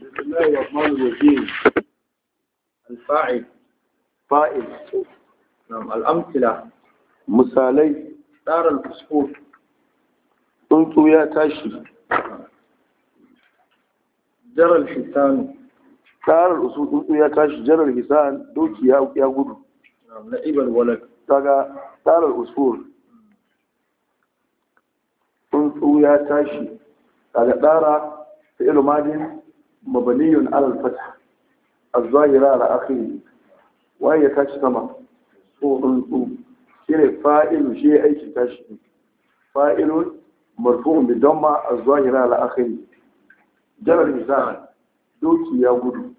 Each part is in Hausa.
بسم الله الرحمن الرحيم الفاعل فاعل نعم الأمثلة misalai tsarar fuskur tsuntsu ya tashi jarar hisan tsarar usul tsuntsu ya tashi jarar hisan doki ya gudu na ibar walak tsarar usul tsuntsu ya tashi daga tsara ta ilmadin mabaniyun alal fatah az-zahira ala akhihi wa ya tashi sama ko unzu shine fa'il shi aiki tashi fa'ilun marfu'un bi dhamma az-zahira ala akhihi jarar misal doki ya gudu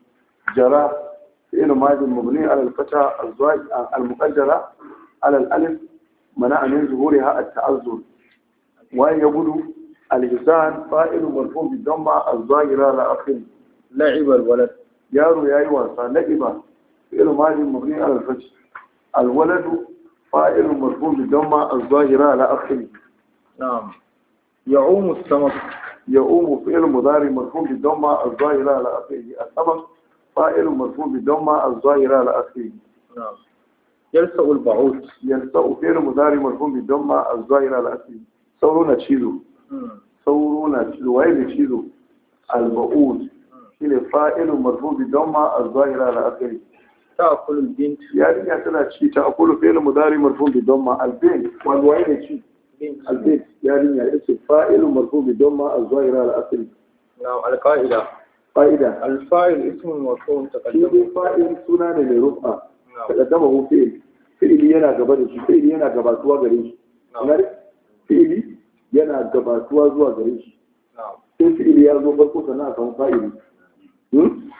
jara ina majin mabni ala al-fata al-muqaddara ala al-alif mana anin zuhuriha at-ta'azzur Waye ya gudu alhisan fa'ilu marfu bi damma az-zahira la akhir la'ib al-walad yaro yayi wasa la'iba fi'l madi mabni ala al-fath al-walad fa'il marfu bi damma az-zahira la akhir na'am يعوم السمك يعوم فعل مضارع مرفوع بالضمه الظاهره على اخره السمك فاعل مرفوع بالضمه الظاهره على اخره نعم يلسأ البعوث يلسأ فعل مضارع مرفوع بالضمه الظاهره على اخره سولنا تشيلو sauro na cizo waye da cizo alba'ud shi ne fa'ilun marfobi don ma a zahira na akari ta akulun bint yarinya tana ci ta akulun fi'il mudari marfobi don ma albin wanda waye da ci albin yarinya ya ce fa'ilun marfubi don ma a zahira na akari na alƙa'ida ƙa'ida alfa'il ismin marfubi ta kalli shi fa'il suna ne mai rufa ta kaddama hu fi'il fi'ili yana gaba da shi fi'ili yana gabatuwa gare shi fi'ili yana gabatuwa zuwa gare shi sai fi'ili ya zo farko sannan a samu fa'ili hmm?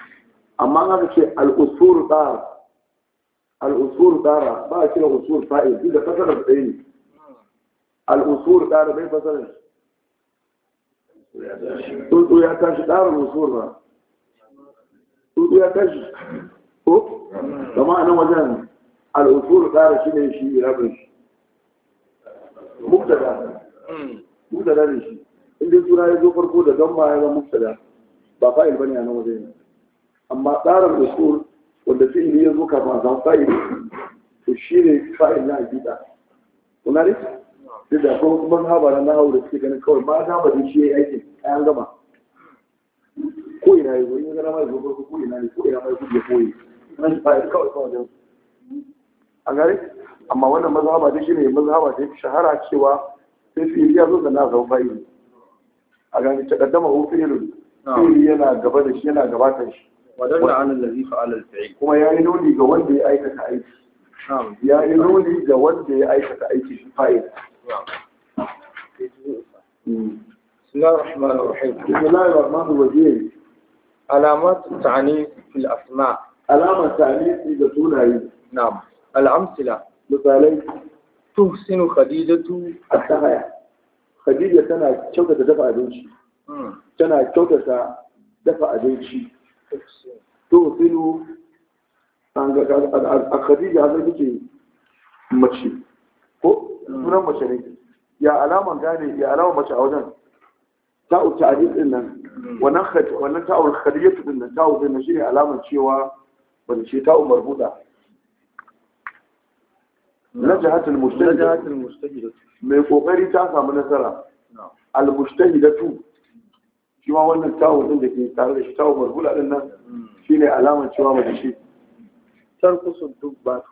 amma aka ce al'usur tsara al'usur tsara ba a kira usur fa'il duk da fasarar ɗaya ne al'usur tsara bai fasarar tsuntsu ya tashi tsarin usur ba tsuntsu ya tashi ko kama a nan wajen al'usur tsara shi ne shi irabin shi muktada mubtada ne shi inda suna ya zo farko da gamma ya zama mubtada ba fa'il bane a nan waje ne amma tsarin usul wanda fi'ili ya zo kafin a samu fa'il to shi ne fa'il na aqida kuna ne duk da kuma kuma mazhaba na nahawu da suke ganin kawai ma ta bari shi yayi aikin ayan gama ko ina yazo in gara mai zo farko ko ina ne ko ina mai kuje koyi nan fa'il kawai kawai A gare amma wannan mazhaba dai shine mazhaba da shahara cewa sai fi'ili ya zo da na zama fa'ili a gani ta kaddama hu fi'ilun fi'ili yana gaba da shi yana gabatar shi wadanda an allazi fa'ala al-fi'il kuma yayi nuni ga wanda ya aikata aiki yayi nuni ga wanda ya aikata aiki shi fa'il بسم الله الرحمن الرحيم بسم الله الرحمن الرحيم علامات التعنيف في الأسماء علامة التعنيف إذا تونها نعم الأمثلة مثالين tuhsinu khadijatu at-tahaya khadija tana kyautata dafa abinci hmm. tana kyautata dafa abinci tuhsinu a khadija haka take mace ko hmm. sunan mace ne ya alama gane ya alaman mace a wajen ta'u ta'adil din nan hmm. wannan wannan ta'u khadijatu din nan ta'u din nan shine alaman cewa bace ta'u marbuda نجحت المجتهدة نجحت المجتهدة mai ƙoƙari ta samu nasara al-mujtahidatu shi ma wannan tawo din da ke tare da shi tawo marhula din nan hmm. shine alamar cewa mace ce tarkusu dubba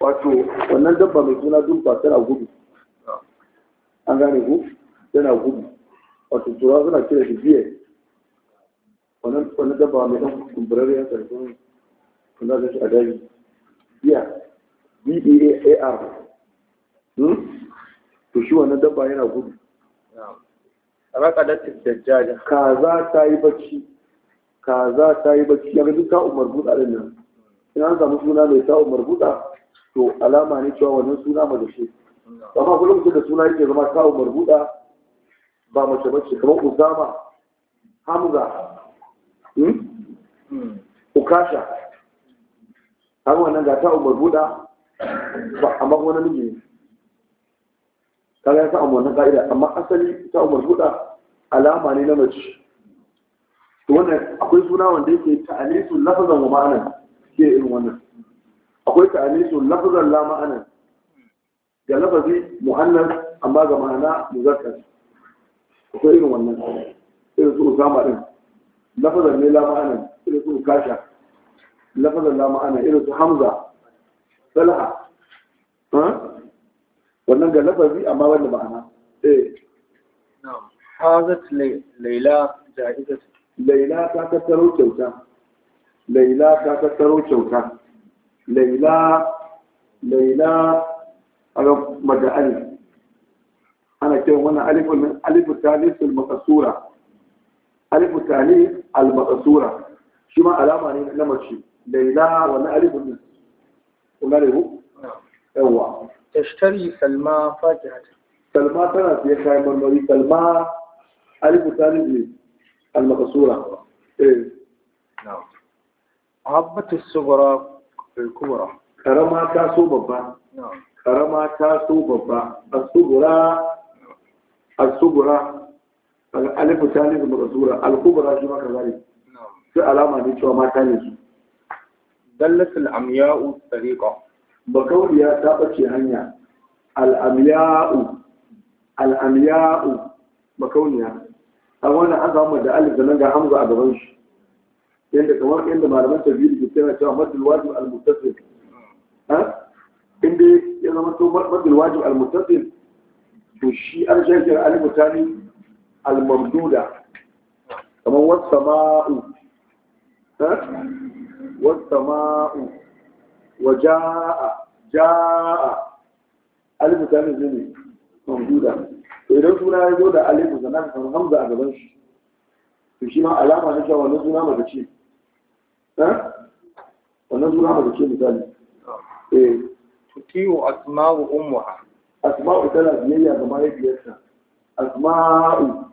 wato wannan dabba mai suna dubba tana gudu an gane ku tana gudu wato tura suna kira shi wannan dabba mai dan kumburarriya sarfin kuna da a daji B-A-A-R. E hmm? to shi wannan dabba yana gudu raƙadatin dajjali kaza ta yi bacci kaza ta yi bacci ya gaji ta umar buɗa ɗin nan in an samu suna mai ta umar buɗa to alama ne cewa wannan suna Ba ce amma kullum da suna yake zama ta umar buɗa ba mace bace kamar usama hamza hmm? Hmm. ukasha har wannan ga ta umar buɗa ba amma kuma namiji ne kaga ya sa amma na ka'ida amma asali ta umar buɗa alama ne na mace to wannan akwai suna wanda yake ta'anisu lafazan wa ma'anan ke irin wannan akwai ta'alisu lafazan la ma'anan ga lafazi mu'annas amma ga ma'ana muzakkar akwai irin wannan irin su usama din lafazan ne la ma'anan irin su kasha lafazan la ma'anan irin su hamza salha wannan ga lafazi amma wanda ma'ana eh na'am hazat laila ja'izat laila ta tattaro kyauta laila ta tattaro kyauta laila laila alaf mada alif ana kiran wannan alifu min alifu talif al maqsura alifu talif al maqsura shi ma alama ne na mace laila wannan alifu كماله هو أيوة. تشتري سلمى فاكهة سلمى سنة يا خايم المريض سلمى ألف ثاني إيه؟ المقصورة إيه نعم عبة الصغرى الكبرى كرمى كاسو بابا نعم كرمى كاسو بابا الصغرى الصغرى ألف ثاني المقصورة الكبرى شو ما كذلك نعم في علامة دي شو ما dallatul amya'u tariqa bakauriya ta bace hanya al-amya'u al a an samu da alif da nan ga hamza a gaban shi yadda kamar yadda malaman tafiye da kira cewa madul wajib al-muttasil inda ya zama to madul wajib al-muttasil to shi an shirkira al wasu sama'u والسماء وجاء جاء ألف كان زمي موجودة idan suna ya zo da alifu sannan ka hamza a gaban shi to shi alama na cewa wannan suna maka ce wannan suna maka ce misali eh tutiyu asma'u ummuha asma'u tana biyayya ga mahaifiyarta asma'u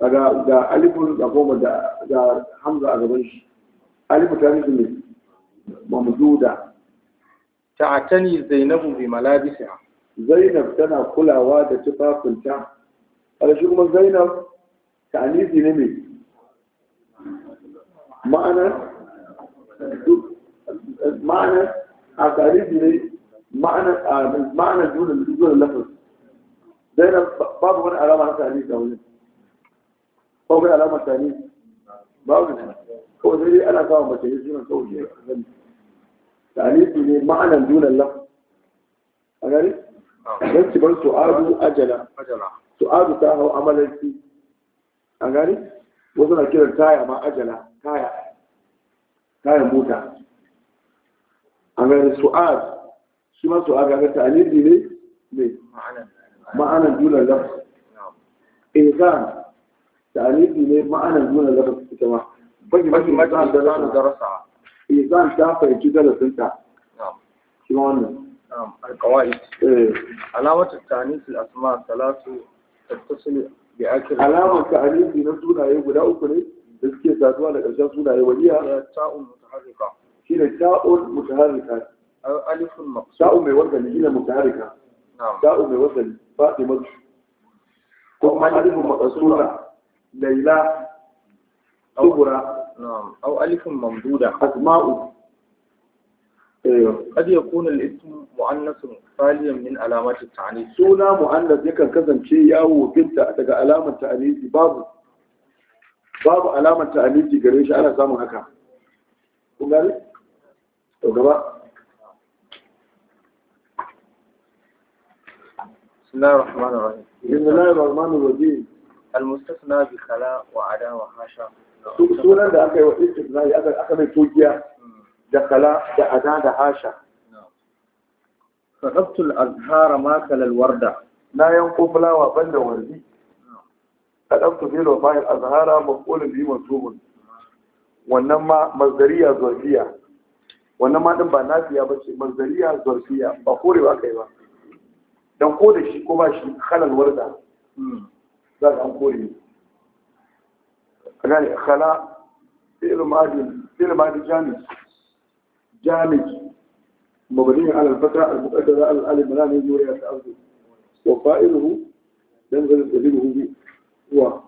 تعتني زينب بملابسها زينب تنا كل واد تفاف انت على شو من زينب تعني في نمي ما أنا ما أنا أعتني في نمي ما أنا ما أنا جون جون اللفظ زينب بابا من أعلام عن تعني في نمي Kawai alamar tani babu ne sai dai ana samun mace yin sunan kawai ne tani su ne ma'anan dunan laf a gari don ci ban su'adu ajala su'adu ta hau a gari wasu na kiran taya ma ajala mota a gari su'ad shi ma su'ad ga tani ne mai ma'anan dunan ihsan ta'arifi ne ma'anar nuna gaba su suke ma baki baki mata da za mu darasa izan eh, ta fahimci darasin ta shi ma wannan alqawaid eh. alawatu ta'anis al-asma salatu tattasil bi akhir alawatu ta'arifi na sunaye guda uku ne da suke saduwa da ƙarshen sunaye waliya ta'un mutaharrika ne ta'un mutaharrika alifun maqsud ta'un mai wasali shine mutaharrika ta'un mai faɗi fatimatu ko kuma alifun maqsura laila kubra أو ألف ممدودة أسماء قد يكون الاسم مؤنث خاليا من علامات التعنيف سونا مؤنث يكن كزance yawo binta daga alamar ta'anifi babu babu alamar ta'anifi gare shi ana samun haka kun gane to gaba بسم الله الرحمن الرحيم بسم الله الرحمن الرحيم المستثنى بخلاء وعدا وحاشا sunan da aka yi wa istisnai aka mai togiya hmm. da kala da ada da hasha sadabtul azhara ma kalal warda na yanko fulawa banda wardi sadabtu bil fa'il azhara maqul bi mansubun wannan ma mazdariya zarfiya wannan ma din ba nafiya bace mazdariya zarfiya ba kore ba kai ba dan ko da shi ko ba shi kalal warda hmm. zai an kore kana khala fil madin jamis jamis mabni ala al fatra al muqaddara al al malani yuri al ard wa fa'iluhu yanzil tadiluhu bi huwa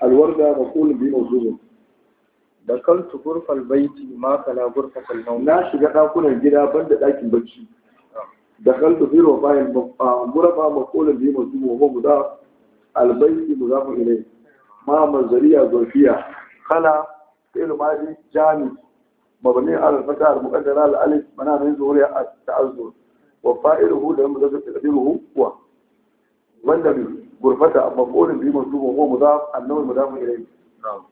al warda maqul bi mawzuh dakaltu ghurfa al bayti ma kala ghurfa al na shiga dakunan gida banda dakin bacci ah. dakaltu fil wa fa'il ghurfa maqul bi mawzuh wa huwa mudaf albaiki albaiti muzafu ile ma manzariya zofiya kala ilu ma ji jami mabani alfata al-fatha muqaddara al-alif mana min zuriya ta'azzu wa fa'iluhu da mu zaka taqdiruhu huwa wanda bi gurfata amma maf'ul bi mansub wa mudaf annahu mudaf ilai na'am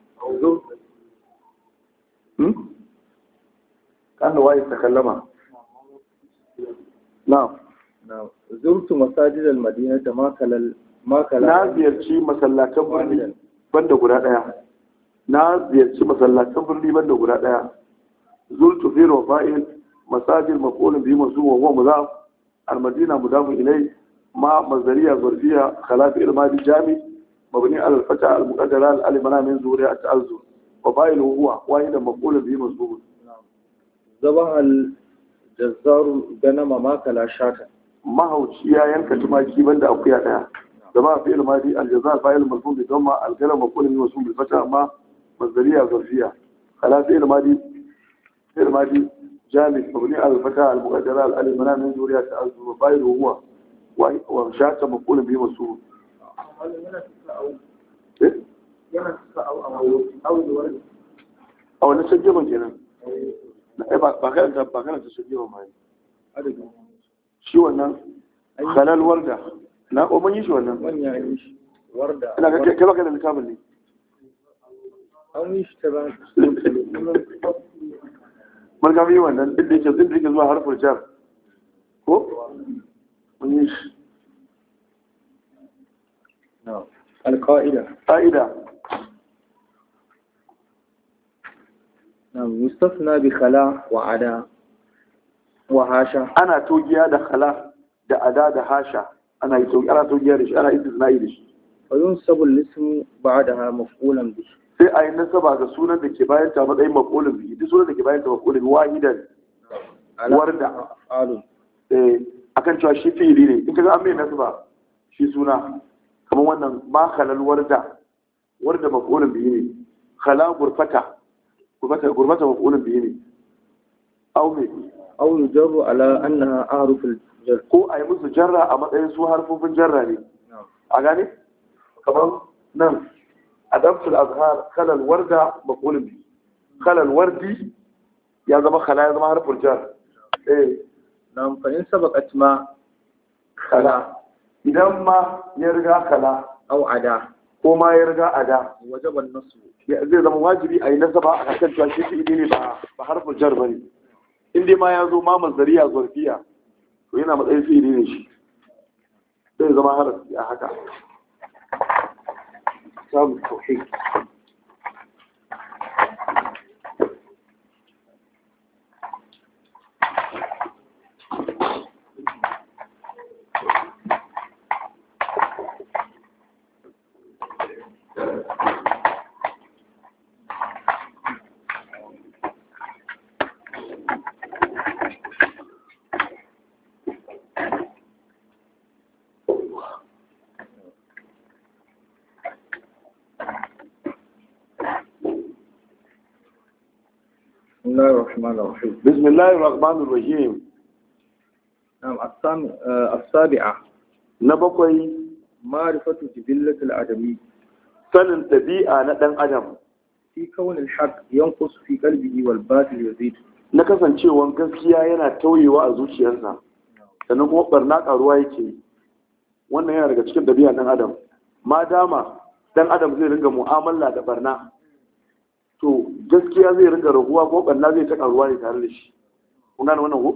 كان وايد hmm? na'am na'am zurtu زرت مساجد المدينة ما كلا na ziyarci masallatan birni banda guda daya na ziyarci masallatan birni banda guda daya zultu fi rafa'il masajid maqulun bi masu wa huwa mudaf al madina mudaf ilay ma mazariya zarfiya khalaf al madi jami mabni al fata al muqaddara al alimana min zuriya al ta'azzur wa fa'il huwa wahidan maqulun bi masu ذبح الجزار غنم ما كلا شاتا mahauci ya yanka tumaki banda akuya daya جماعة فعل ماضي الجزاء فاعل ملزوم بضمة القلم مقول من وسوم بالفتح ما مصدرية ظرفية خلاص فعل ماضي علم هذه جامد مبني على الفتح المقدرة الألف منام من دوريات الأرض وهو وشاك مقول به وسوم إيه؟ أو نسجمه كنا ba karanta ba karanta su biyu mai shi wannan halal warda لا او من ولا من وردة لا كيف كان لي او مش تبع في ولا اللي جاب اللي جاب الجر هو من نعم القائدة قائدة نعم مستثنى بخلاء وعدا وهاشا انا توجيها دخلا da ada ana sauki ana sauki da shi ana istisna'i da shi fa yunsabu al-ism ba'daha maf'ulan bihi sai a yi nasaba ga sunan da ke bayan ta matsayin maf'ulun biyu, duk sunan da ke bayan ta maf'ulun bihi wahidan warda alun eh akan cewa shi fi'ili ne in kaga an mai nasaba shi suna kamar wannan ma khalal warda warda maf'ulun bihi ne khala gurfata gurfata biyu maf'ulun bihi ne aw me aw yujarru ala annaha a'ruful ko a yi musu jarra a matsayin su harfofin jarra ne a gane kamar nan adamsul azhar kalal warda maqulun bi kalal wardi ya zama kala ya zama harfin jar eh na fa in ma kala. idan ma ya riga kala au ada ko ma ya riga ada wajaban nasu zai zama wajibi a yi nasaba a kan cewa shi ne ba ba harfin jar bane in dai ma ya zo ma mazariya zurfiya ko yana matsayin fi'ili ne shi zai zama harafi a haka samun tauhid الرحمن الرحيم بسم الله الرحمن الرحيم نعم السابعة نبقي معرفة جبلة الآدمي سنن طبيعة ندن أدم في كون الحق ينقص في قلبه والباطل يزيد na kasancewan gaskiya yana tauyewa a zuciyarsa sannan kuma barna karuwa yake wannan yana daga cikin ɗabi'a ɗan adam ma dama ɗan adam zai ringa mu'amala da barna to gaskiya zai rika raguwa ko ɓanna zai ta ruwa ne tare da shi kuna da wannan ko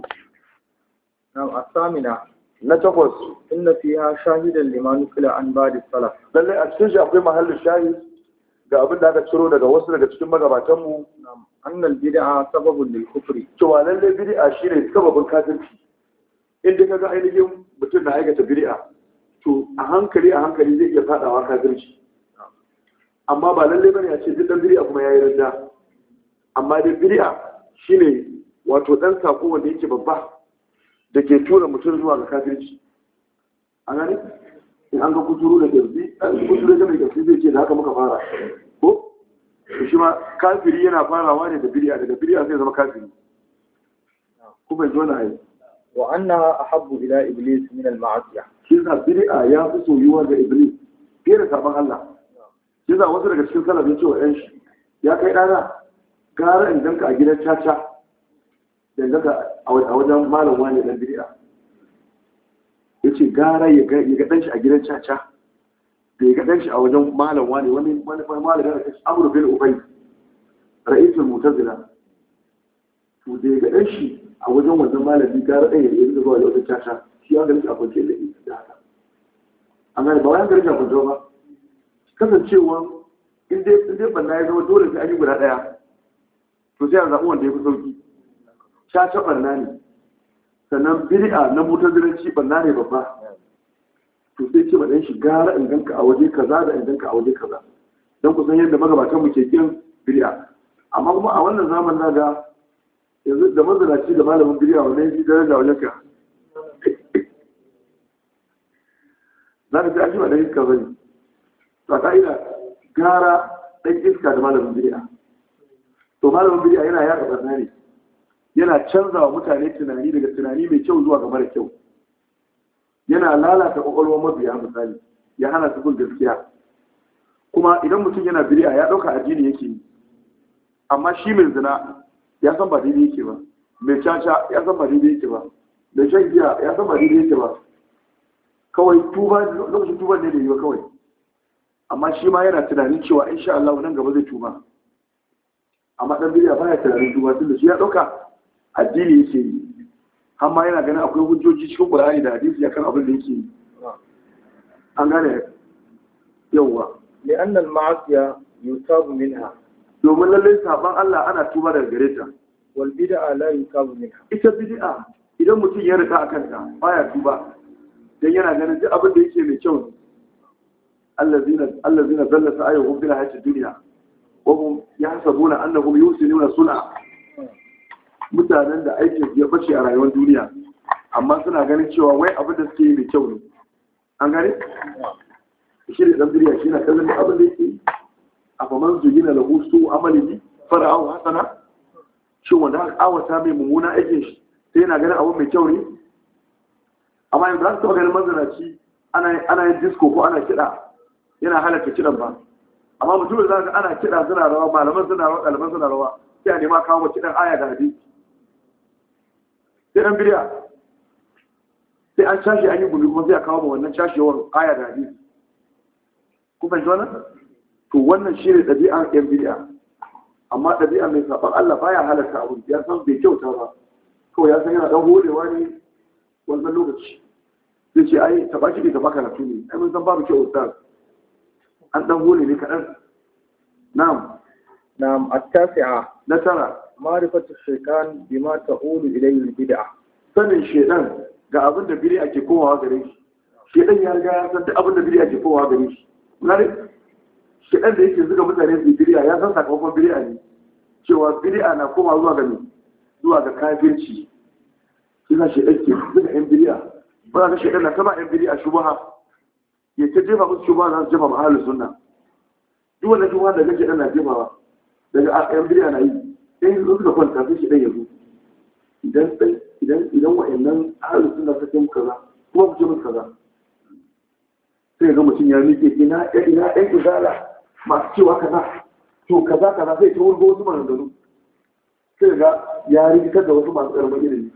na asamina na takwas inna shahi da liman kula an ba da salaf Lallai a cikin shi akwai mahallin shahi ga abin da aka ciro daga wasu daga cikin magabatanmu. mu annal bid'a sababun lil kufri cewa lallai bid'a shine sababin kafirci inda dai kaga ainihin mutum na aikata bid'a to a hankali a hankali zai iya fadawa kafirci amma ba lallai bane a ce duk dan bid'a kuma yayi rida amma dai shi shine wato dan sako wanda yake babba da ke tura mutum zuwa ga kafirci a gani in an ga kuturu da gazi an kuturu da mai gazi zai ce da haka muka fara ko shi ma kafiri yana farawa ne da bid'a daga bid'a sai zama kafiri kuma yi wani ayi wa anna ahabbu ila iblis min al ma'asiya shi za bid'a ya fi soyuwa ga iblis fiye da sabon Allah shi sa wasu daga cikin salaf ya ce wa yan shi ya kai dana gara in danka a gidan caca da zaka a wajen malam wani dan Ya ce gara ya ga dan a gidan caca da ya ga dan a wajen malam wani wani malam da kace Amr bin Ubay ra'isul mutazila to da ya ga dan shi a wajen wannan malami gara ɗaya ya yi da zuwa wajen caca shi an ga shi a kwance da shi da haka an ga ba wani an ga shi a kwance ba kasancewa in dai in dai ya zama dole sai an yi guda ɗaya. to sai a zaɓi wanda ya fi sauƙi caca ɓarna ne sannan bir'a na zirarci ɓarna ne babba to sai ce ɗan shi gara in ganka a waje kaza da in ganka a waje kaza don kusan yadda magabatan mu ke kin bir'a. amma kuma a wannan zaman na ga yanzu da mazalaci da malamin bid'a wannan shi dare da wajen ka za ka ji a shi ba ɗan iska ne to a gara ɗan iska da malamin bir'a. to malamin bid'a yana yaka barna ne yana canza wa mutane tunani daga tunani mai kyau zuwa ga mara kyau yana lalata kwakwalwar mabiya misali ya hana su bin gaskiya kuma idan mutum yana bid'a ya ɗauka addini yake yi amma shi mai zina ya san ba daidai yake ba mai caca ya san ba daidai yake ba mai shan giya ya san ba daidai yake ba kawai tuba lokacin tuba ne da yi kawai amma shi ma yana tunanin cewa insha Allah nan gaba zai tuba amma dan bid'a baya tunanin duba tunda shi ya dauka addini yake yi amma yana ganin akwai hujjoji cikin Qur'ani da hadisi kan abin da yake yi an gane yawa li'anna al-ma'asiya yutabu minha domin lallai saban Allah ana tuba daga gare ta wal bid'a la yutabu minha ita bid'a idan mutum ya rika akan ta baya tuba dan yana ganin duk abin da yake mai kyau allazina allazina zalla sa'ayuhum fil hayatid dunya wahum yahsabuna annahum yusinuna suna mutanen da aikin ya bace a rayuwar duniya amma suna ganin cewa wai abin da suke yi mai kyau ne an gane shi da dambiriya shi na kallon da abin da yake a faman zugina da hustu amalihi fara'au hasana shi wanda aka awata mai mummuna aikin shi sai yana ganin abin mai kyau ne amma yanzu za su taɓa ganin mazanaci ana yin disko ko ana kiɗa yana halarta kiɗan ba amma mutumin za ka ana kiɗa suna rawa malaman suna rawa ɗaliban suna rawa sai a nema kawo kiɗan aya da hadi sai ɗan bidiya sai an cashe an yi gumi kuma sai a kawo ma wannan cashewar aya da hadi ku fahimci wannan to wannan shi ne ɗabi'an ɗan bidiya amma ɗabi'a mai saɓan Allah baya halarta abu ya san bai kyauta ba kawai ya san yana ɗan holewa ne wannan lokaci zai ce ai taɓa shi bai taɓa karatu ne ai mun san babu kyau ustaz an ɗan gole ne kaɗan na'am na'am a tafiya. na tara ma'rifatu shaytan bima ta'ulu ilayhi al-bid'a sanin shaytan ga abin da bid'a ke komawa gare shi shaytan ya riga ya san abin da bid'a ke komawa gare shi mun shaytan da yake zuga mutane su bid'a ya san sakamakon bid'a ne cewa bid'a na koma zuwa ga zuwa ga kafirci kina shaytan ke zuga yan bid'a ba za ka shaytan na kama yan bid'a shubaha ya ce jefa musu shubha za su jefa ma ahlus sunna duk wannan shubha da na ana ba? daga yan bidiya na yi in su suka kwanta sai shi ɗan yanzu. idan idan idan wa'annan ahlus sunna suka yi kaza kuma ku ce musu kaza sai ga mutum ya miƙe ina ina ɗan izala masu cewa kaza to kaza kaza sai ta wurgo wasu maganganu sai ga ya rikitar da wasu masu ƙaramin ilimi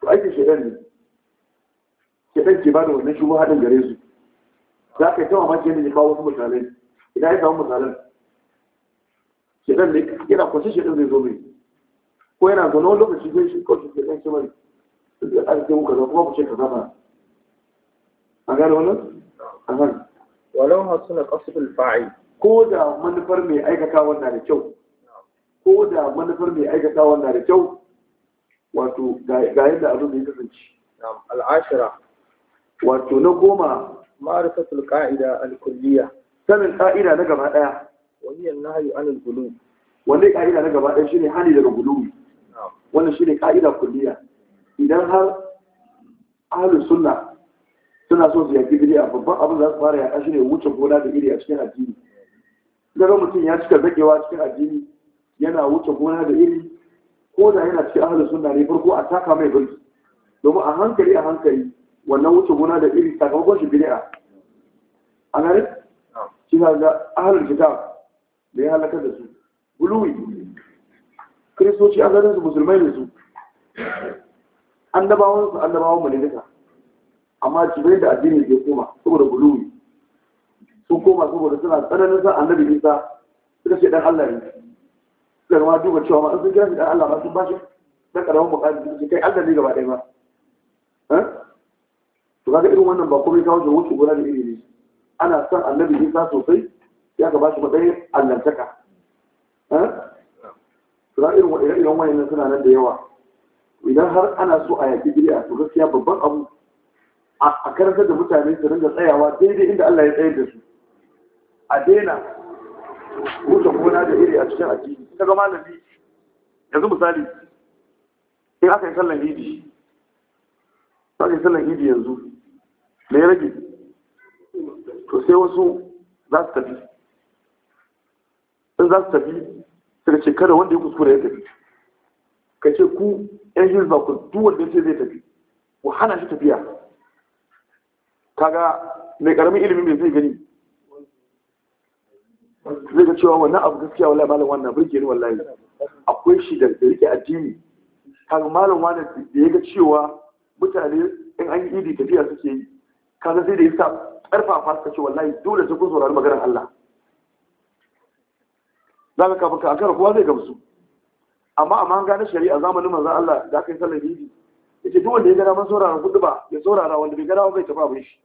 to aikin shaidan ne shaidan ke ba da wannan shugo haɗin gare su za ka yi ta mamaki yadda ya kawo wasu misalai idan ya samu misalan shedan ne yana kwashe shedan zai zo mai ko yana na wani lokaci zai shi kawai shi ɗan kimar da ake muka zama kuma ku ce ka zama a gane wannan? a kan walau hasuna kasubul fa'i ko da manufar mai aikata wannan da kyau ko da manufar mai aikata wannan da kyau wato ga yadda abin da ya kasance al'ashira wato na goma ma'rifatul qa'ida al kulliya. sanin qa'ida na gaba daya wani nahyu anil gulu Wani qa'ida na gaba daya shine hali daga gulu Wani shine qa'ida kulliya. idan har ahlus sunna suna so su yaki bid'a babban abin da za su fara yaka shine wuce gona da iri a cikin addini daga mutum ya cika zakewa cikin addini yana wuce gona da iri ko da yana cikin ahlus sunna ne farko a taka mai birki domin a hankali a hankali wannan wuce gona da iri sakamakon shi bid'a a gane shi na ga ahalar kitab da ya halakar da su buluwi kiristoci an ganin su musulmai da su dabawan su an dabawan malinika amma amma bai da addini ke koma saboda buluwi sun koma saboda suna tsananin san annabi nisa suka ce dan allah ne suka ma duba cewa ma sun kira shi dan allah ma sun bashi dan karamin mukamin su kai allah ne gaba ɗaya ba kaga irin wannan ba komai kawo da wuce gona da iri ne ana son annabi isa sosai ya ka bashi matsayin allantaka za eh? irin wa'irin wayannan suna nan da yawa idan har ana so a yaƙi bid'a to gaskiya babban abu a karantar da mutane su ringa tsayawa daidai inda Allah ya tsayar da su a daina wuce gona da iri a cikin addini kaga malami yanzu misali in aka yi sallan idi aka yi sallan idi yanzu me ya rage to sai wasu za su tafi in za su tafi suka ce kada wanda ya kuskure ya tafi ka ce ku yan hizba ku duk wanda ya ce zai tafi ku hana shi tafiya kaga mai karamin ilimin mai zai gani zai ga cewa wannan abu gaskiya wallahi malam wannan burge ni wallahi akwai shi da rike addini kaga malam wannan da ya ga cewa mutane in an yi idi tafiya suke yi kaga sai da ya sa ƙarfafa ka ce wallahi dole sai kun saurari maganar Allah za ka kafin ka akara kowa zai gamsu amma amma an gane shari'a zamanin manzon Allah da aka sallar idi yace ce duk wanda ya gana man saurara kudu ba ya saurara wanda bai gana bai tafi abin shi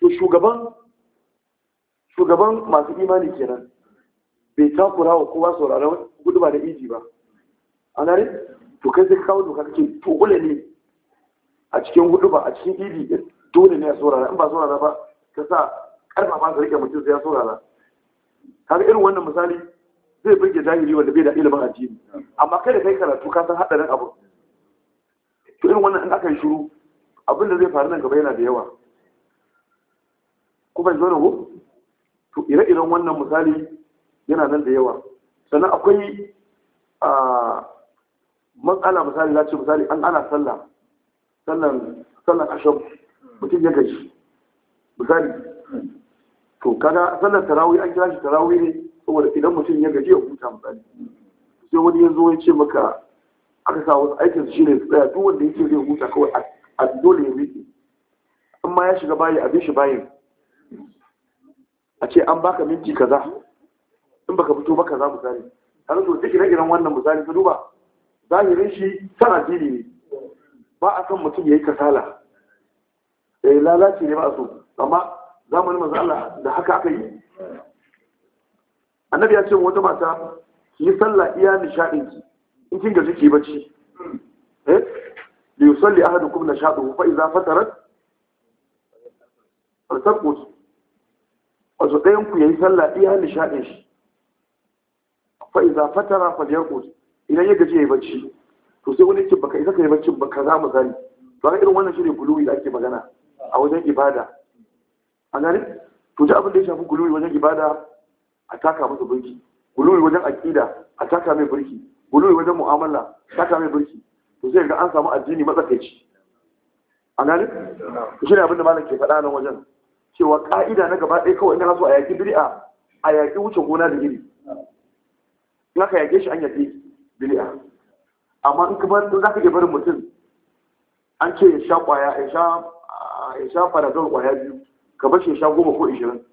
to shugaban shugaban masu imani kenan bai takura wa kowa saurara kudu ba da iji ba a to kai sai kawo doka kake to ule ne a cikin hudu ba a cikin ibi. dole ne ya saurara in ba saurara ba ka sa karfafa su rike mutum sai ya saurara kaga irin wannan misali zai burge jahili wanda bai da ilimin addini amma kai da kai karatu ka san hadarin abu to irin wannan in aka yi shiru abin da zai faru nan gaba yana da yawa kuma zo da to ire-iren wannan misali yana nan da yawa sannan akwai a matsala misali za ce misali an ana sallah sallan sallan ashabu mutum ya gaji misali to kada sallar tarawih an kira shi tarawih ne saboda idan mutum ya gaji ya huta misali sai wani ya zo ya ce maka aka sa wasu aikin shi ne tsaya duk wanda yake zai huta kawai a dole ya miƙe amma ya shiga bayi abin shi bayin a ce an baka minti kaza in baka fito ba kaza misali har zo duk ire-iren wannan misali ka duba zahirin shi sana dini ne ba a san mutum ya yi kasala eh lalaci ne ba su amma zamanin manzo Allah da haka aka yi annabi ya ce wata mata ki yi sallah iya nishaɗinki ki in kin gaji ki bacci eh li yusalli ahadukum nashadahu fa idza fatarat a wato ɗayan ku yi sallah iya nishaɗin shi fa idza fatara falyaqut idan ya gaji yi bacci to sai wani ce baka isa kai bacci baka za mu zani to irin wannan ne buluwi da ake magana a wajen ibada a gane to ji abin da ya shafi guluri wajen ibada a taka masa burki Guluri wajen aƙida a taka mai burki Guluri wajen mu'amala taka mai burki to zai ga an samu addini matsakaici a gane to shi ne abin da malam ke faɗa nan wajen cewa ƙa'ida na gaba ɗaya kawai ina so a yaƙi biri'a a yaƙi wuce gona da gini. in aka yaƙe shi an yaƙi biri'a amma in ka bar za ka iya barin mutum an ce ya sha ƙwaya ya sha ya sha farazol kwaya biyu ka bashi ya sha goma ko ishirin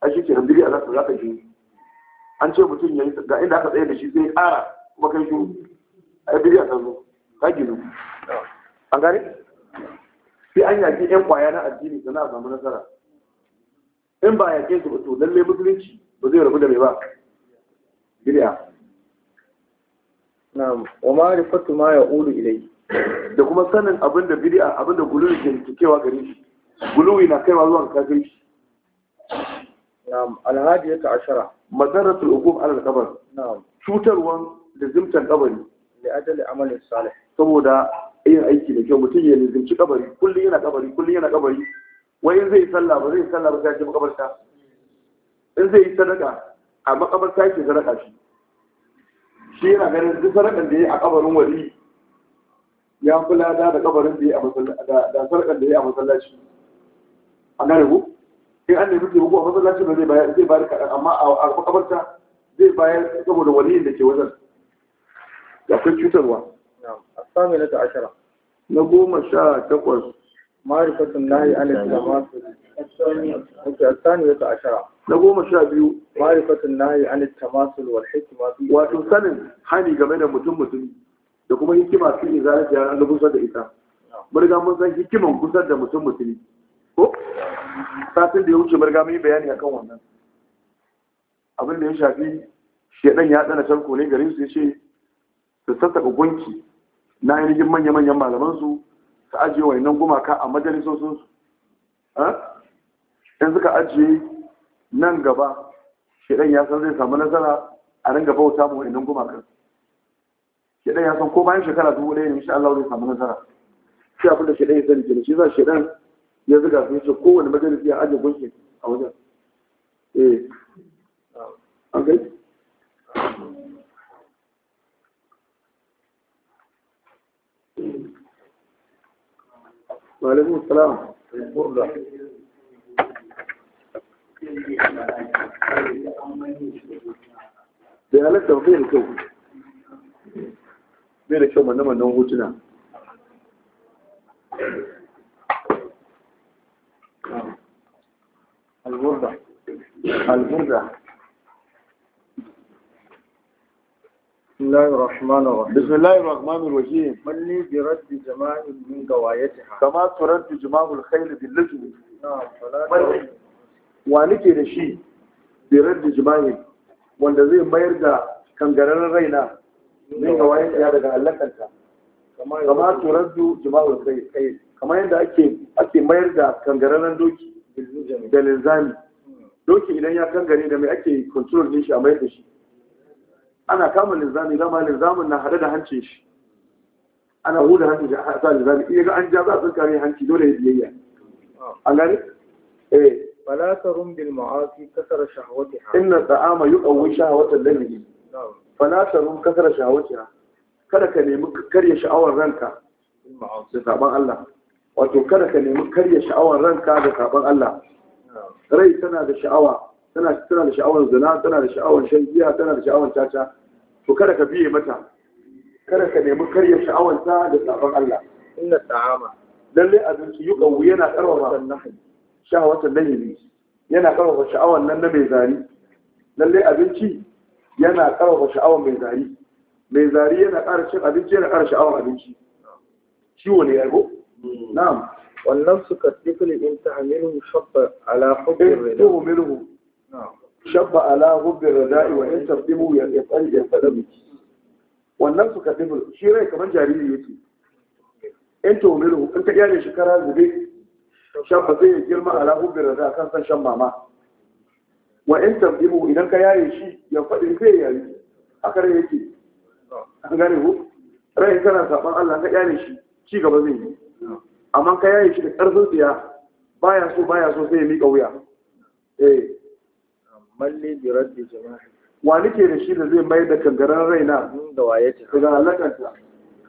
a shi ke nan biri a za ka ji an ce mutum ya yi ga inda aka tsaye da shi zai ƙara kuma kai shi a biri a ta zo ka gino an gane sai an yaƙi 'yan kwaya na addini sana a samu nasara in ba yaƙe su ba to lallai musulunci ba zai rabu da mai ba biriya na wa ma'arifatu ma ya ulu ilai da kuma sanin abin da bid'a abin da guluwi ke rikewa gare shi guluwi na kaiwa zuwa ga shi na'am alhadiyata ashara madaratul uqub ala al-qabr na'am cutarwan da zimtan kabari da ajali amalin salih saboda yin aiki da kyau mutum ya zimci kabari kullum yana kabari kullum yana kabari wai zai yi sallah ba zai yi sallah ba sai ya je makabarta in zai yi sadaka a makabarta yake sadaka shi shi yana ganin duk sadakan da ya yi a kabarin wali ya fi lada da kabarin da ya da sarƙar da ya a masallaci a gane ku in an nemi taimako a masallaci ba zai bayar zai bayar kaɗan amma a makabarta zai bayar saboda waliyin da ke wajen da akwai cutarwa a sami na ashara na goma sha takwas ma'arifatun nahi an islama الثانية عشرة نقوم شابيو معرفة النهي عن التماثل والحكمة وتنسلم حاني قبل متم متم da kuma hikima ne zarar ya an gusar da ita murga mun san hikiman gusar da mutum mutumi ko satin da ya wuce murga mun yi bayani akan wannan abin da ya shafi shedan ya tsana tarko ne garin su ya ce su sassaka gunki na ainihin manya-manyan malaman su su ajiye wayannan gumaka a majalisosin su in suka ajiye nan gaba shedan ya san zai samu nasara a ringa bauta mu wayannan gumakan shedan ya san ko bayan shekara dubu ɗaya ne insha Allah zai samu nasara shi abinda da shedan ya sani kenan shi yasa shedan ya zuga su yace kowane majalisi ya ajiye gunshi a wajen eh an gai Malamu salam. da ya halatta wa kai kyau bai da kyau manne-mannen hotuna البردة البردة بسم الله الرحمن الرحيم بسم الله الرحمن الرحيم من لي برد جماع من قوايتها كما ترد جماع الخيل باللجو نعم wani ke da shi birar da jima'in wanda zai mayar da kangararren raina min gawayin ya daga allakanta kama turaddu jima'ul kai kama yadda ake ake mayar da kangararren doki da linzami hmm. doki idan ya kangare da mai ake control din shi a mayar da shi ana kama linzami zama linzamin na hada da hancin shi ana huda hancin da hasa linzami iya ga an ja za su kare hanci dole ya biyayya hmm. an gani eh fala tarum bil ma'asi kasara shahwatiha inna ta'ama yuqawwi shahwatan ladhi na'am fala tarun kasar shahawatiha kada ka nemi karya sha'awar ranka da saban Allah wato kada ka nemi karya sha'awar ranka da saban Allah rai tana da sha'awa tana da sha'awar zina tana da sha'awar shan giya tana da sha'awar caca to kada ka biye mata kada ka nemi karya sha'awar ta da saban Allah inna ta'ama lalle abinci yuqawu yana karfafa sha'awatan nahi yana karfafa sha'awar nan na mai zari lalle abinci yana ƙarfafa sha'awar mai zari mai zari yana ƙara cin abinci yana ƙara sha'awar abinci ciwo ne yago hmm. na'am wannan su ka tifil in ta hamilu shabba ala hubbin eh, rida ko minhu shabba ala hubbin rida wa in tafdimu ya tsari ya fada miki wannan su ka tifil shi rai kamar jariri yake in to minhu in ta iya ne shekara zube shabba zai girma ala hubbin a kan san shan mama wa in tabbihu idan ka yaye shi ya faɗin kai yi. aka rai yake an gane ku rai kana saban Allah ka yaye shi ci gaba zai yi amma ka yaye shi da ƙarfin tsiya baya so baya so sai ya miƙa wuya eh malli bi raddi jama'a wa nake da shi da zai mai da kangaren raina da waye ta daga halakanta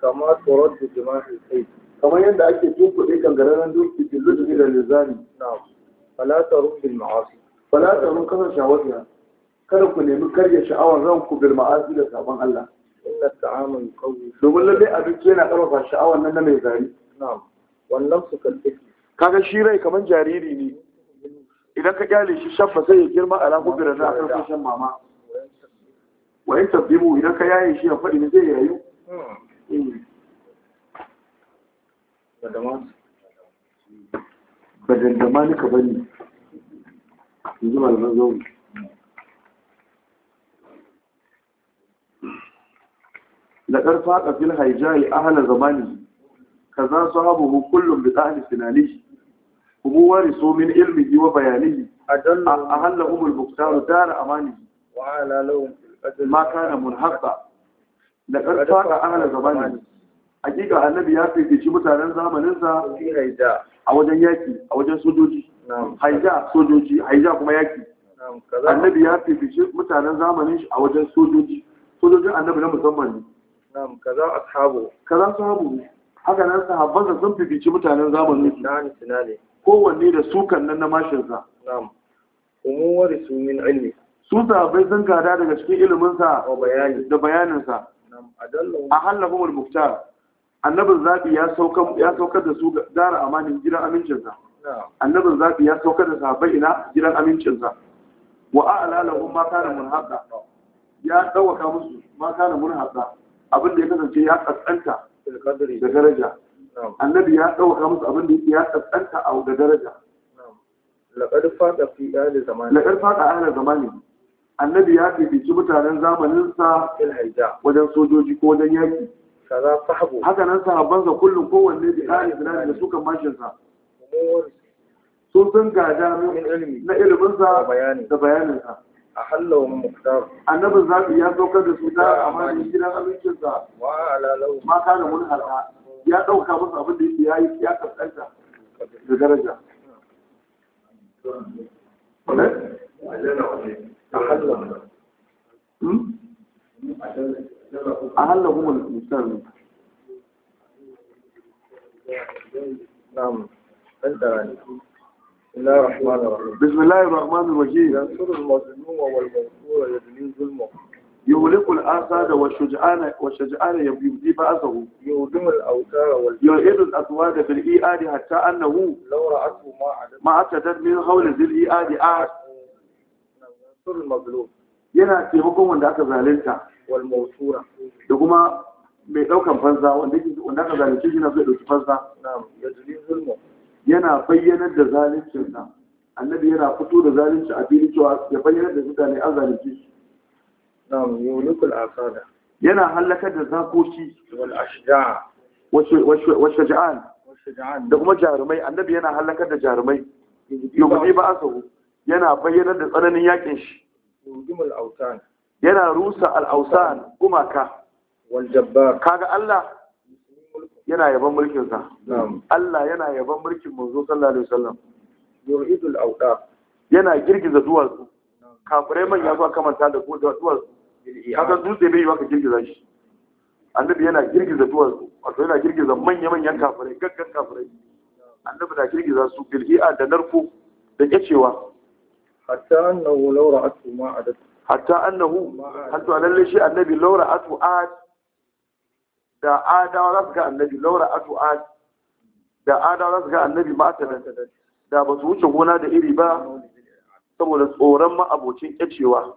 kamar tsoron da jima'i sai kamar yadda ake tunkuɗe kangaren dutse da lulluɓi da lizani na falatar rufin ma'asi fala ta mun kasa shawatiya kada ku nemi karya sha'awar ranku bil ma'asi da sabon Allah inna ta'amun qawmi domin lalle abinci yana karfafa sha'awar nan na mai zari na'am wannan su kalbi kaga shi rai kaman jariri ne idan ka kyale shi shaffa sai ya girma a ranar biran na karfin shan mama wayan tabbimu idan ka yaye shi ya faɗi ne zai yayu ma ni ka bani Da malaman zaune laƙar faɗa fil haijayi hana zamani ka za su haɓu kullum bi ɗahin tunani, kuma wari so min ilmi wa bayani a halla umar buktaru dara amani ma kana da laƙar faɗa hana zamani hakika annabi ya fifici mutanen zamaninsa a wajen yaki a wajen sojoji haija sojoji haija kuma yaki annabi ya fifice mutanen zamanin shi a wajen sojoji sojojin annabi na musamman ne na'am kaza ashabu sahabu haka nan sahabban da sun fifice mutanen zamanin su kowanne da sukan nan na mashin su sahabbai sun gada daga cikin iliminsa da bayaninsa. A na'am adallahu ahallahumul annabin zaɓi ya saukar da su dara amanin gidan amincinsa annabin zaɓi ya saukar da sahabbai ina gidan amincinsa wa a'ala lahum ma kana munhaqa ya dawaka musu mata da munhaqa abin da ya kasance ya kaskanta da daraja annabi ya dawaka musu abin da ya kaskanta a da daraja laqad faɗa a ahli zamani annabi ya fifici mutanen zamanin sa wajen sojoji ko wajen yaki kaza sahabu haka nan sahabban sa kullum kowanne bi ali bilal da suka mashin sa sun san gada na ilimin sa da bayanin sa a hallawa muktar annabin zabi ya saukar da su da amani gidan abincin sa wa ala lahu ma kana mun halqa ya dauka musu abin da yake yayi ya kasanta da daraja a hallawa hmm? hmm? المسلم نعم أنت يعني. بسم الله الرحمن الرحيم بسم الله الرحمن الرحيم ينصر المظلوم والمذكور يبني ظلمه يغلق الأسد والشجعان والشجعان يبدي بأسه يهدم الأوتار يعيد الأسواد في الإيادي حتى أنه لو رأته ما عدد ما عدد من حول ذي الإياد أحد ينصر المظلوم ينا تيمكم من ذاك ذلك Da kuma mai daukan fansa wanda yake wanda aka zalunce shi na so ya dauki fansa yana bayyanar da zaluncin na. annabi yana fito da zalunci a fili cewa ya bayyanar da mutane an zalunce shi na'am yulikul asada yana halakar da zakoki wal ashja wa shaja'an da kuma jarumai annabi yana halakar da jarumai yau ba asahu yana bayyanar da tsananin yakin shi yudimul autan yana rusa al'ausan gumaka kaga Allah yana yaban mulkinsa Allah yana yaban mulkin manzo sallallahu alaihi wasallam yuridul awda yana girgiza duwatsu kafirai manya zuwa kamanta da duwatsu kaga dutse bai yi waka girgiza shi annabi yana girgiza duwatsu wato yana girgiza manya-manyan kafirai gaggan kafirai annabi na girgiza su bil'i'a da narko da kecewa hatta annahu law ra'atu ma adat hatta annahu hatta lalle shi annabi laura atu'ad da adawa za su ga annabi laura atu'ad da adawa za su ga annabi mata da ba su wuce gona da iri ba saboda tsoron ma'abocin yacewa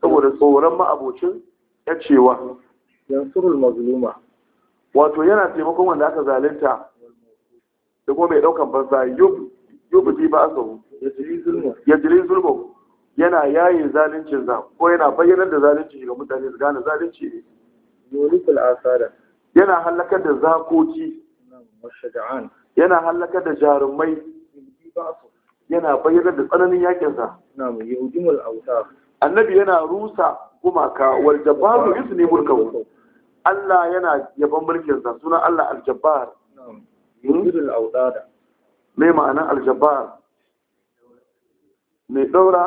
saboda tsoron abocin yacewa yansurul mazluma wato yana taimakon wanda aka zalunta da kuma mai daukan banza yubu yubu ba su ya jiri zulmu yana yayin zaluncin za. ko yana bayyanar da zalunci ga mutane su gane zalunci ne yulikul asada yana halakar da zakoki yana halakar da jarumai yana bayyanar da tsananin yakin sa na'am yudimul awtaf annabi yana rusa ka wal jabbaru yusni mulkahu Allah yana yaban mulkin sa sunan Allah al-jabbar na'am yudimul awtada me ma'anar al-jabbar mai ɗaura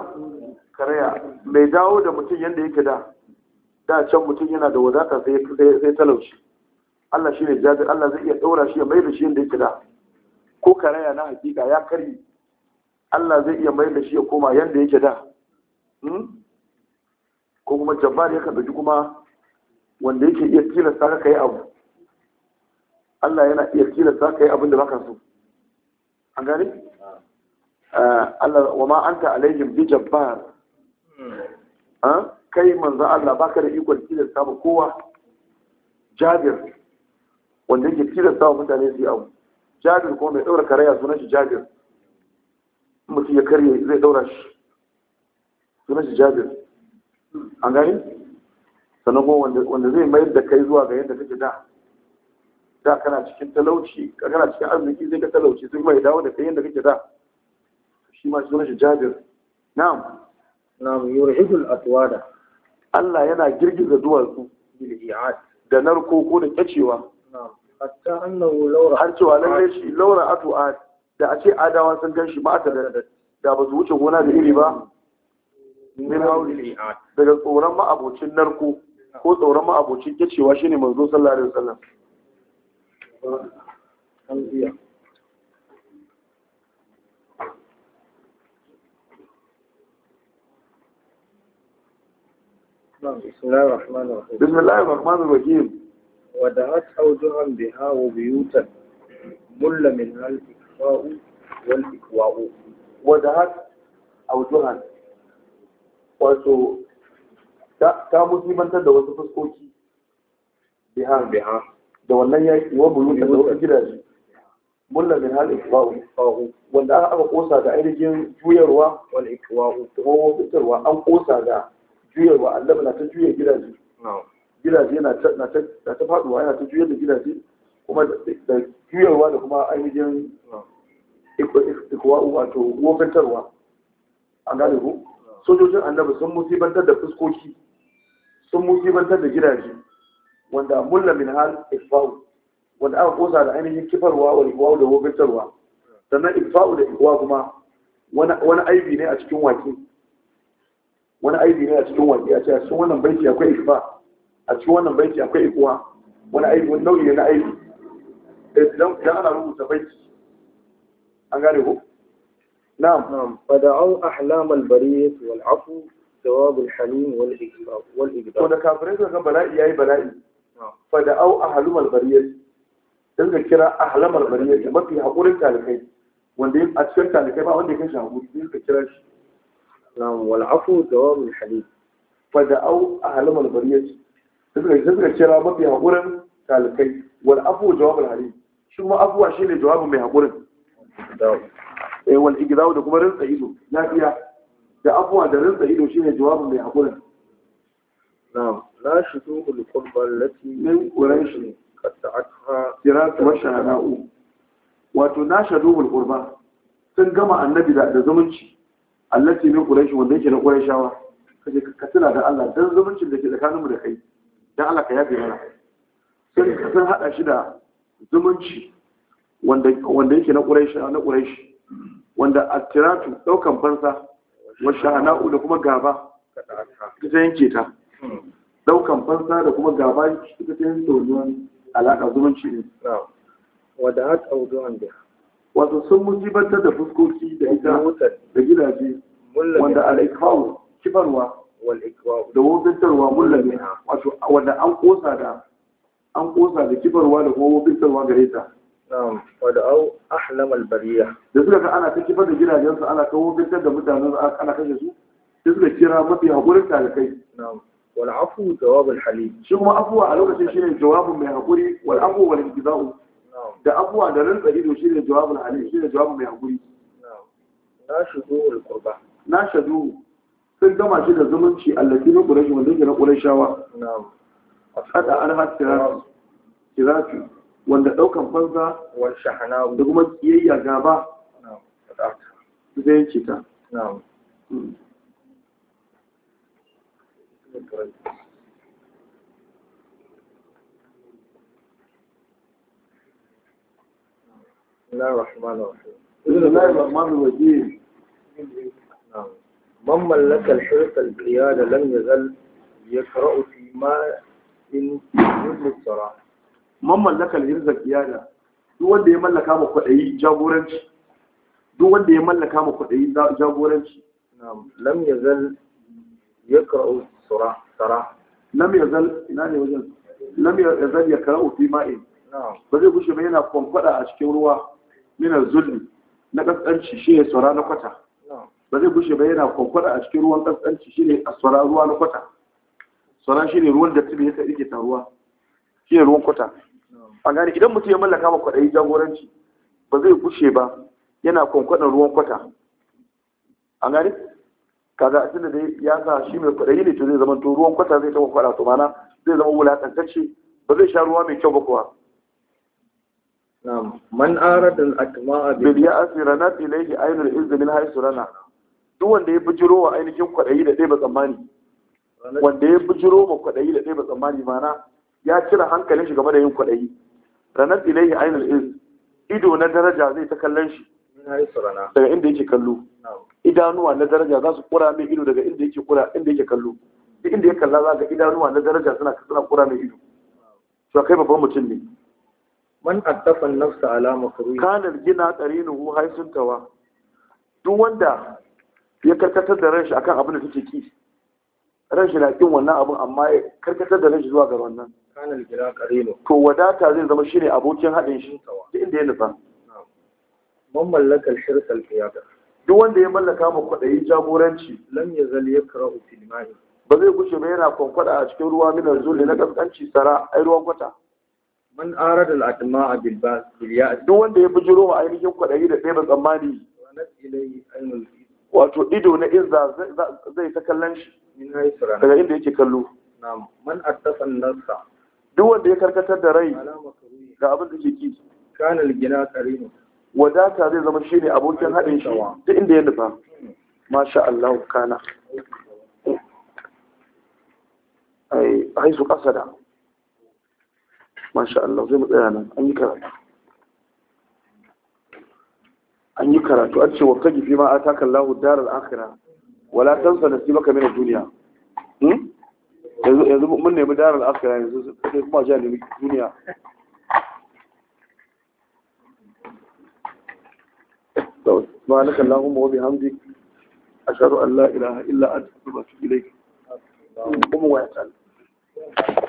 karaya mai dawo da mutum yadda yake da da can mutum yana da wadata sai talauci Allah shi ne jajir Allah zai iya ɗaura shi ya mai da shi yadda yake da ko karaya na hakika ya karye Allah zai iya mai da shi ya koma yadda yake da hmm? ko kuma jabbar ya ɗauki kuma wanda yake iya tilasta ka yi abu Allah yana iya tilasta ka yi abin da baka so an gane Allah wa ma anta alaihim bi jabbar kai manzo Allah baka da iko tilasta sabu kowa Jabir wanda yake tilasta sabu mutane su yi Jabir ko mai daura karaya sunan shi Jabir Mutu ya karye zai daura shi sunan shi Jabir an gani sannan kuma wanda zai mayar da kai zuwa ga yadda kake da da kana cikin talauci kana cikin arziki zai ka talauci zai mai dawo da kai yadda kake da shi ma sunan shi jabir na'am na'am yurhidul atwada Allah yana girgiza duwatsu bil i'ad da narko ko da kacewa na'am hatta annahu har cewa lalle shi laura atu'ad da a ce adawa sun gan shi ba ta da da ba su wuce gona da iri ba daga tsoron ma'abocin narko ko tsoron ma'abocin kacewa shine manzo sallallahu alaihi wasallam بسم الله الرحمن الرحيم ودعت أوجها بها وبيوتا مل منها الإكفاء والإكواء ودعت أوجها wato ta musulmantar da wasu fuskoki بها بها da wannan yaki wa bulu da wasu gidaje mulla min hal ikwahu wanda aka kosa da ainihin juyarwa wal ikwahu fitarwa an kosa da juya wa na ta juya gidaje gidaje na ta na faduwa yana ta juyar da gidaje kuma da juyarwa da kuma ainihin ikuwa wato wofantarwa A gane ku sojojin annabi sun musibantar da fuskoki sun musibantar da gidaje wanda mulla min hal ifa'u wanda aka kosa da ainihin kifarwa wa ikuwa da wofantarwa sannan ifa'u da ikuwa kuma wani aibi ne a cikin wakil wani aibi ne a cikin wani a cikin wannan baiti akwai ikba a cikin wannan baiti akwai ikuwa wani aibi wani nau'i na aibi idan eh, ana rubuta baiti an gane ko na'am fada'u ahlam al-bariyat wal 'afu jawab al-halim wal ikba wal ikba to da kafirai ga bala'i yayi bala'i fada'u ahlam al-bariyat dan ga kira ahlam al-bariyat mafi hakurin talibai wanda a cikin talibai ba wanda ya kashi hakuri sai ka kira shi na'am wal afu dawamul hadith fa da'u ahlam al bariyati suka suka kira mafi hakurin talikai wal afu jawabul hadith shi kuma afuwa shine jawabin mai hakurin eh wal igdaw da kuma rinsa ido lafiya da afuwa da rinsa ido shine jawabin mai hakurin na'am la shutuhu al qurba allati min quraish qad ta'atha sirat wa shahana'u wato na shaduhul qurba sun gama annabi da zumunci allati min ƙurashi wanda yake na qurayshawa kaje ka tuna da Allah dan zumuncin da ke tsakanin mu da kai dan Allah ka yafe mana sai ka san hada shi da zumunci wanda wanda yake na quraish na quraish wanda attiratu daukan fansa wa shahana'u da kuma gaba ka ta yanke ta daukan fansa da kuma gaba ka ta yanke wannan alaka zumunci ne wada'at audu'an biha wato sun musibantar da fuskoki da ita da gidaje wanda al-ikhaw kibarwa da wofintarwa mullame wato wanda an kosa da an kosa da kibarwa da kuma wofintarwa gare ta wadda au ahlam albariya da suka ga ana ta kifar da gidajensu ana ta wofintar da mutanen ana kashe su sai suka kira mafi haƙurin talakai والعفو جواب kuma afuwa a lokacin shine لغة mai جواب ما يقولي والعفو والانتزاع da abuwa da rantsa ido shi ne jawabin halin shi ne jawabin mai haƙuri na shaduhul qurba na shaduhu sun gama shi da zumunci allati na ƙurashi wanda yake na qurayshawa na'am asada an hatta kiratu wanda ɗaukan fansa da kuma tsiyayya gaba na'am zai cika na'am hmm. الله الرحمن الرحيم بسم من ملك الحرف القيادة لم يزل يقرأ في الصراع من ملك القيادة duk wanda ya mallaka ma kwaɗayi jagoranci duk wanda ya mallaka ma kwaɗayi jagoranci lam yazal yaqra'u sura ba zai gushe ba yana kwankwada a cikin ruwa minar zulmi na ƙasƙanci shi ne tsora na kwata ba zai bushe ba yana kwakwada a cikin ruwan ƙasƙanci shi ne a tsora ruwa na kwata tsora shi ne ruwan da tuni ya sai ke taruwa shi ne ruwan kwata a gani idan mutum ya mallaka ma kwaɗayi jagoranci ba zai bushe ba yana kwakwada ruwan kwata a gani kaga a cikin da ya sa shi mai kwaɗayi ne to zai zama to ruwan kwata zai ta kwakwada to mana zai zama wulaƙantacce ba zai sha ruwa mai kyau ba kuwa man arada al-atma'a bil ya'si ranat ilayhi aynu al-izz min haythu rana duk wanda ya bijiro wa ainihin kwadayi da dai ba tsammani wanda ya bijiro ma kwadayi da dai ba tsammani mana ya cire hankalin shi game da yin kwadayi ranat ilayhi aynu al-izz ido na daraja zai ta shi daga inda yake kallo idanuwa na daraja za su kura mai ido daga inda yake kura inda yake kallo duk inda ya kalla idanuwa na daraja suna kura mai ido to kai babban mutum ne man attafa nafsa ala makruhi kana gina qarinuhu haisun tawa duk wanda ya karkatar da ranshi akan abin da take ki ranshi na kin wannan abin amma ya karkatar da ranshi zuwa ga wannan kana gina qarinu to wadata zai zama shine abokin hadin shi duk inda ya nufa man mallaka shirka al-qiyada duk wanda ya mallaka mu kwadayi jagoranci lam yazal yakrahu fil ma'i ba zai gushe ba yana kwankwada a cikin ruwa min zulli na kaskanci sara ai ruwan kwata man arada al'adma a bilba biliya duk wanda ya bujiro ma ainihin kwaɗari da ɗaya tsammani wato ido na izza zai ta kallon shi daga inda yake kallo man attasan nasa duk wanda ya karkatar da rai ga abin da ke ki kanal gina karinu wadata zai zama shi ne abokin haɗin shi duk inda ya nufa masha Allah kana ai su ƙasa da ما شاء الله زي ما قلنا أني كرات أني كرات وأتش وقتي فيما أتاك الله الدار الآخرة ولا تنسى نسيبك من الدنيا يزو يزو من دار الآخرة يا يزو ما جاني من الدنيا سبحانك اللهم وبحمدك أشهد أن لا إله إلا أنت أتوب إليك أم واتل